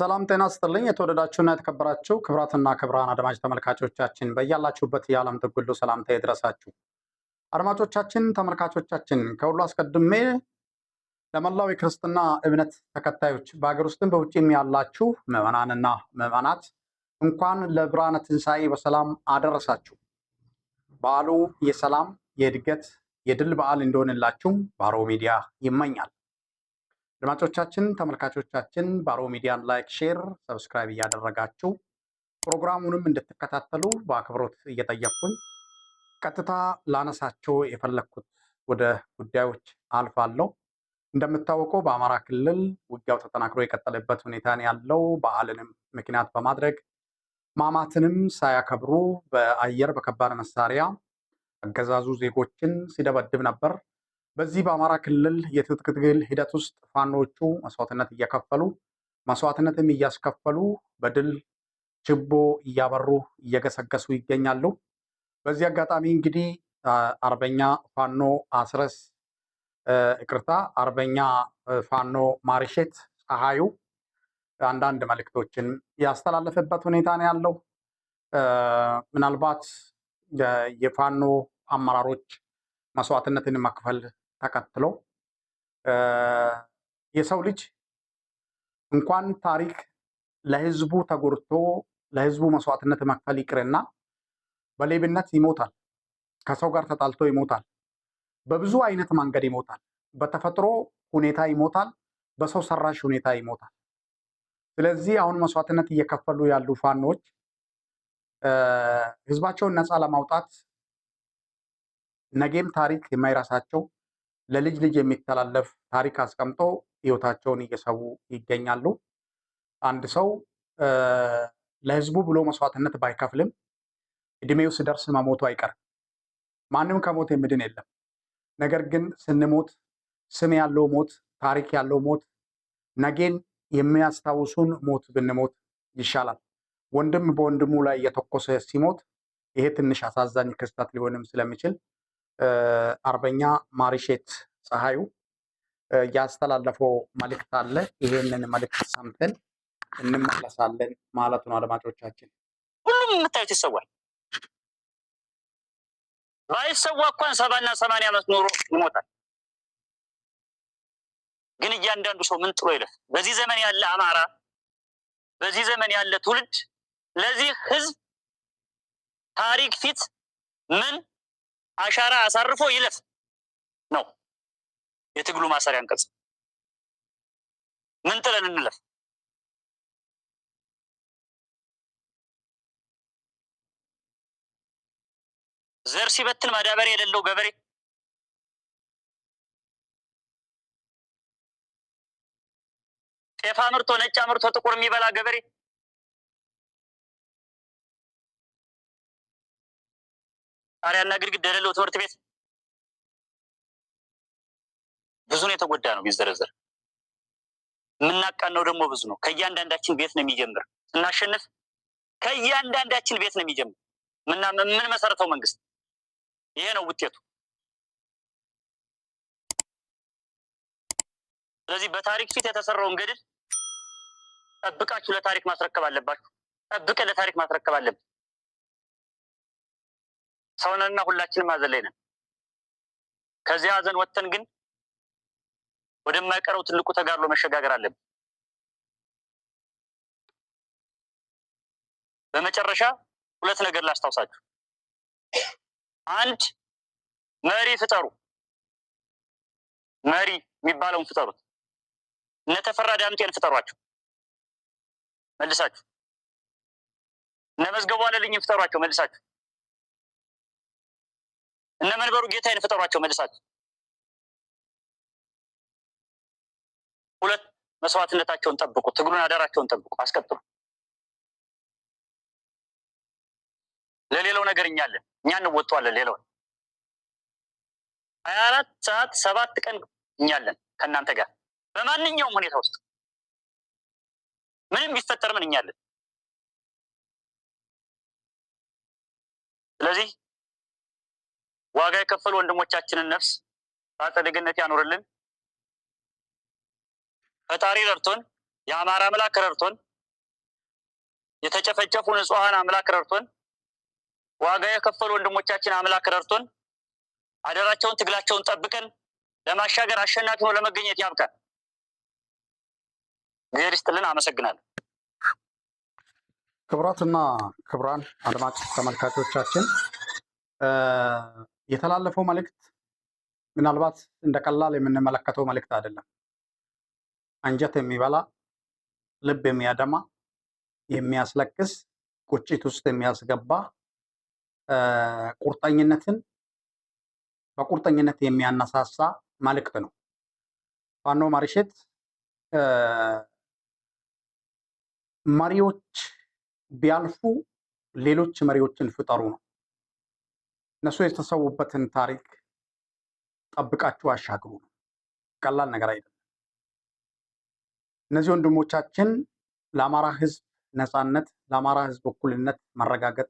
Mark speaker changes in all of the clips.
Speaker 1: ሰላም ጤና ስጥልኝ። የተወደዳችሁና የተከበራችሁ ክብራትና ክብራን አድማጭ ተመልካቾቻችን በያላችሁበት የዓለም ጥግ ሁሉ ሰላምታ ይድረሳችሁ። አድማጮቻችን፣ ተመልካቾቻችን ከሁሉ አስቀድሜ ለመላው የክርስትና እምነት ተከታዮች በሀገር ውስጥም በውጭም ያላችሁ ምዕመናንና ምዕመናት እንኳን ለብርሃነ ትንሣኤ በሰላም አደረሳችሁ። በዓሉ የሰላም የእድገት፣ የድል በዓል እንደሆንላችሁ ባሮ ሚዲያ ይመኛል። አድማጮቻችን፣ ተመልካቾቻችን ባሮ ሚዲያን ላይክ፣ ሼር፣ ሰብስክራይብ እያደረጋችሁ ፕሮግራሙንም እንድትከታተሉ በአክብሮት እየጠየቅኩኝ ቀጥታ ላነሳቸው የፈለግኩት ወደ ጉዳዮች አልፋለሁ። እንደምታወቀው በአማራ ክልል ውጊያው ተጠናክሮ የቀጠለበት ሁኔታ ያለው በዓልንም ምክንያት በማድረግ ማማትንም ሳያከብሩ በአየር በከባድ መሳሪያ አገዛዙ ዜጎችን ሲደበድብ ነበር። በዚህ በአማራ ክልል የትጥቅ ትግል ሂደት ውስጥ ፋኖቹ መስዋዕትነት እየከፈሉ መስዋዕትነትም እያስከፈሉ በድል ችቦ እያበሩ እየገሰገሱ ይገኛሉ። በዚህ አጋጣሚ እንግዲህ አርበኛ ፋኖ አስረስ ይቅርታ፣ አርበኛ ፋኖ ማርሼት ፀሐዩ አንዳንድ መልእክቶችን ያስተላለፈበት ሁኔታ ነው ያለው። ምናልባት የፋኖ አመራሮች መስዋዕትነትን መክፈል ተከትሎ የሰው ልጅ እንኳን ታሪክ ለህዝቡ ተጎድቶ ለህዝቡ መስዋዕትነት መክፈል ይቅርና በሌብነት ይሞታል፣ ከሰው ጋር ተጣልቶ ይሞታል፣ በብዙ አይነት መንገድ ይሞታል፣ በተፈጥሮ ሁኔታ ይሞታል፣ በሰው ሰራሽ ሁኔታ ይሞታል። ስለዚህ አሁን መስዋዕትነት እየከፈሉ ያሉ ፋኖች ህዝባቸውን ነፃ ለማውጣት ነገም ታሪክ የማይረሳቸው ለልጅ ልጅ የሚተላለፍ ታሪክ አስቀምጦ ህይወታቸውን እየሰዉ ይገኛሉ። አንድ ሰው ለህዝቡ ብሎ መስዋዕትነት ባይከፍልም እድሜው ሲደርስ መሞቱ አይቀርም። ማንም ከሞት የሚድን የለም። ነገር ግን ስንሞት ስም ያለው ሞት፣ ታሪክ ያለው ሞት፣ ነጌን የሚያስታውሱን ሞት ብንሞት ይሻላል። ወንድም በወንድሙ ላይ እየተኮሰ ሲሞት ይሄ ትንሽ አሳዛኝ ክስተት ሊሆንም ስለሚችል አርበኛ ማሪሼት ፀሐዩ ያስተላለፈው መልእክት አለ። ይሄንን መልእክት ሰምተን እንመለሳለን ማለት ነው። አድማጮቻችን
Speaker 2: ሁሉም የምታዩት ይሰዋል። ባይሰዋ እንኳን ሰባና ሰማንያ ዓመት ኖሮ ይሞታል። ግን እያንዳንዱ ሰው ምን ጥሎ ይለፍ። በዚህ ዘመን ያለ አማራ፣ በዚህ ዘመን ያለ ትውልድ ለዚህ ህዝብ ታሪክ ፊት ምን አሻራ አሳርፎ ይለፍ ነው የትግሉ ማሰሪያ አንቀጽ። ምን ጥለን እንለፍ? ዘር ሲበትን ማዳበሪያ የሌለው ገበሬ ጤፍ አምርቶ ነጭ አምርቶ ጥቁር የሚበላ ገበሬ ጣሪያና ግድግዳ የሌለው ትምህርት ቤት ብዙ ነው የተጎዳ ነው ቢዘረዘር የምናቃነው ደግሞ ብዙ ነው። ከእያንዳንዳችን ቤት ነው የሚጀምር። ስናሸንፍ ከእያንዳንዳችን ቤት ነው የሚጀምር። ምን መሰረተው መንግስት ይሄ ነው ውጤቱ። ስለዚህ በታሪክ ፊት የተሰራውን ገድል ጠብቃችሁ ለታሪክ ማስረከብ አለባችሁ። ጠብቀ ለታሪክ ማስረከብ አለብን። ሰውነንና ሁላችንም ሀዘን ላይ ነን። ከዚህ ሀዘን ወጥተን ግን ወደማይቀረው ትልቁ ተጋድሎ መሸጋገር አለብን። በመጨረሻ ሁለት ነገር ላስታውሳችሁ። አንድ መሪ ፍጠሩ። መሪ የሚባለውን ፍጠሩት። እነ ተፈራ ዳምጤን ፍጠሯቸው መልሳችሁ። እነ መዝገቡ አለልኝን ፍጠሯቸው መልሳችሁ። እነ መንበሩ ጌታዬን ፍጠሯቸው መልሳቸው። ሁለት መስዋዕትነታቸውን ጠብቁ፣ ትግሉን አደራቸውን ጠብቁ፣ አስቀጥሉ። ለሌላው ነገር አለን፣ እኛ እንወጣዋለን። ሌላው ሀያ አራት ሰዓት ሰባት ቀን እኛለን ከእናንተ ጋር በማንኛውም ሁኔታ ውስጥ ምንም ቢፈጠር ምን አለን። ስለዚህ ዋጋ የከፈሉ ወንድሞቻችንን ነፍስ በአጸደ ገነት ያኑርልን። ፈጣሪ ረድቶን፣ የአማራ አምላክ ረድቶን፣ የተጨፈጨፉ ንጹሐን አምላክ ረድቶን፣ ዋጋ የከፈሉ ወንድሞቻችን አምላክ ረድቶን፣ አደራቸውን ትግላቸውን ጠብቀን ለማሻገር አሸናፊ ሆኖ ለመገኘት ያብቃል። እግዚአብሔር ይስጥልን። አመሰግናለሁ።
Speaker 1: ክቡራትና ክቡራን አድማጭ ተመልካቾቻችን የተላለፈው መልእክት ምናልባት እንደ ቀላል የምንመለከተው መልእክት አይደለም። አንጀት የሚበላ ልብ የሚያደማ የሚያስለቅስ ቁጭት ውስጥ የሚያስገባ ቁርጠኝነትን በቁርጠኝነት የሚያነሳሳ መልእክት ነው። ፋኖ ማሪሼት መሪዎች ቢያልፉ ሌሎች መሪዎችን ፍጠሩ ነው። እነሱ የተሰዉበትን ታሪክ ጠብቃችሁ አሻግሩ ነው። ቀላል ነገር አይደለም። እነዚህ ወንድሞቻችን ለአማራ ሕዝብ ነፃነት፣ ለአማራ ሕዝብ እኩልነት መረጋገጥ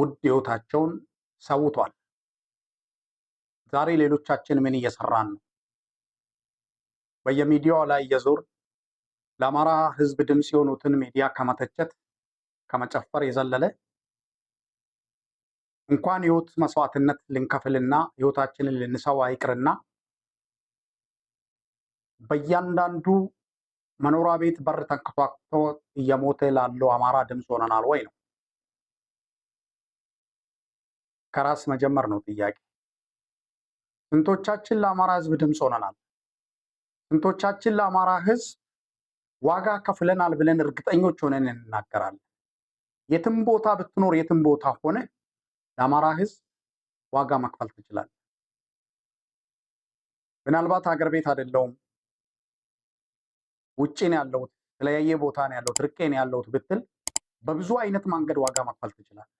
Speaker 1: ውድ ህይወታቸውን ሰውቷል። ዛሬ ሌሎቻችን ምን እየሰራን ነው? በየሚዲያው ላይ እየዞር ለአማራ ሕዝብ ድምፅ የሆኑትን ሚዲያ ከመተቸት ከመጨፈር የዘለለ እንኳን ህይወት መስዋዕትነት ልንከፍልና ህይወታችንን ልንሰው አይቅርና በእያንዳንዱ መኖሪያ ቤት በር ተንከቷክቶ እየሞተ ላለው አማራ ድምፅ ሆነናል ወይ ነው። ከራስ መጀመር ነው ጥያቄ። ስንቶቻችን ለአማራ ህዝብ ድምፅ ሆነናል? ስንቶቻችን ለአማራ ህዝብ ዋጋ ከፍለናል ብለን እርግጠኞች ሆነን እንናገራለን? የትም ቦታ ብትኖር፣ የትም ቦታ ሆነ ለአማራ ህዝብ ዋጋ መክፈል ትችላል ምናልባት ሀገር ቤት አይደለውም ውጭ ነው ያለሁት፣ የተለያየ ቦታ ነው ያለሁት፣ ርቄ ነው ያለሁት ብትል በብዙ አይነት መንገድ ዋጋ መክፈል ትችላለህ።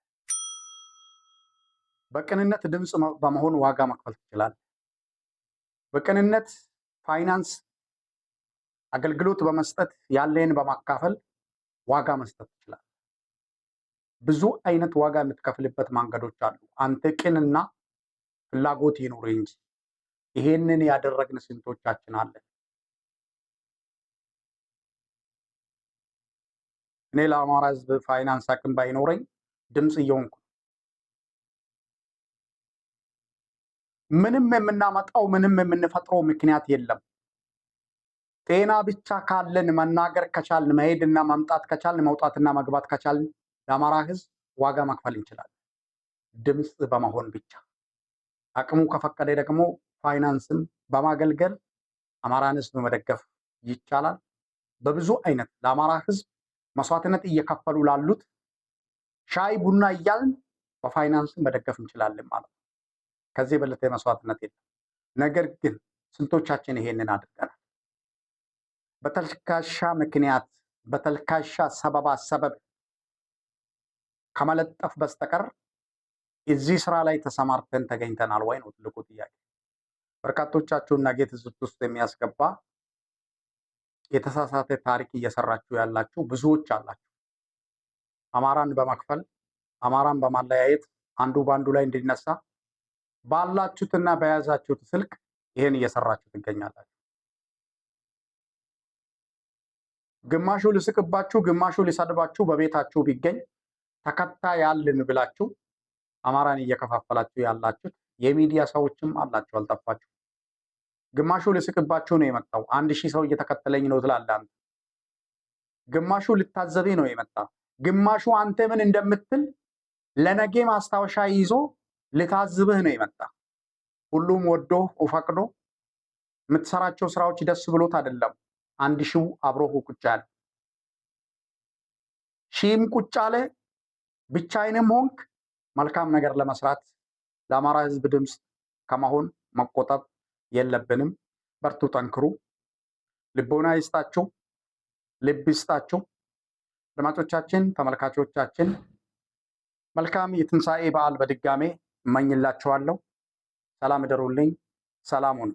Speaker 1: በቅንነት ድምፅ በመሆን ዋጋ መክፈል ትችላለህ። በቅንነት ፋይናንስ አገልግሎት በመስጠት ያለህን በማካፈል ዋጋ መስጠት ትችላለህ። ብዙ አይነት ዋጋ የምትከፍልበት መንገዶች አሉ። አንተ ቅንና ፍላጎት ይኑር እንጂ ይሄንን ያደረግን ስንቶቻችን አለን? እኔ ለአማራ ህዝብ ፋይናንስ አቅም ባይኖረኝ ድምፅ እየሆንኩ ምንም የምናመጣው ምንም የምንፈጥረው ምክንያት የለም። ጤና ብቻ ካለን መናገር ከቻልን መሄድና መምጣት ከቻልን መውጣትና መግባት ከቻልን ለአማራ ህዝብ ዋጋ መክፈል እንችላለን፣ ድምፅ በመሆን ብቻ። አቅሙ ከፈቀደ ደግሞ ፋይናንስም በማገልገል አማራን ህዝብ መደገፍ ይቻላል። በብዙ አይነት ለአማራ ህዝብ መስዋዕትነት እየከፈሉ ላሉት ሻይ ቡና እያልን በፋይናንስ መደገፍ እንችላለን ማለት ነው። ከዚህ የበለጠ መስዋዕትነት የለም። ነገር ግን ስንቶቻችን ይሄንን አድርገናል? በተልካሻ ምክንያት በተልካሻ ሰበባ ሰበብ ከመለጠፍ በስተቀር እዚህ ስራ ላይ ተሰማርተን ተገኝተናል ወይ ነው ትልቁ ጥያቄ። በርካቶቻችሁን ነገ ትዝብት ውስጥ የሚያስገባ የተሳሳተ ታሪክ እየሰራችሁ ያላችሁ ብዙዎች አላችሁ። አማራን በመክፈል አማራን በማለያየት አንዱ በአንዱ ላይ እንዲነሳ ባላችሁትና በያዛችሁት ስልክ ይህን እየሰራችሁ ትገኛላችሁ። ግማሹ ሊስቅባችሁ፣ ግማሹ ሊሰድባችሁ በቤታችሁ ቢገኝ ተከታይ አልን ብላችሁ አማራን እየከፋፈላችሁ ያላችሁት የሚዲያ ሰዎችም አላችሁ፣ አልጠፋችሁ። ግማሹ ልስቅባችሁ ነው የመጣው አንድ ሺህ ሰው እየተከተለኝ ነው ትላለ አንተ። ግማሹ ልታዘቤ ነው የመጣ ግማሹ አንተ ምን እንደምትል ለነጌ ማስታወሻ ይዞ ልታዝብህ ነው የመጣ ሁሉም ወዶ ፈቅዶ የምትሰራቸው ስራዎች ደስ ብሎት አይደለም። አንድ ሺው አብሮ ቁጭ አለ፣ ሺህም ቁጭ አለ። ብቻዬንም ሆንክ መልካም ነገር ለመስራት ለአማራ ህዝብ ድምፅ ከመሆን መቆጠብ የለብንም። በርቱ፣ ጠንክሩ፣ ልቦና ይስጣችሁ፣ ልብ ይስጣችሁ። አድማጮቻችን፣ ተመልካቾቻችን መልካም የትንሣኤ በዓል በድጋሜ እመኝላችኋለሁ። ሰላም እደሩልኝ። ሰላም ሁኑ።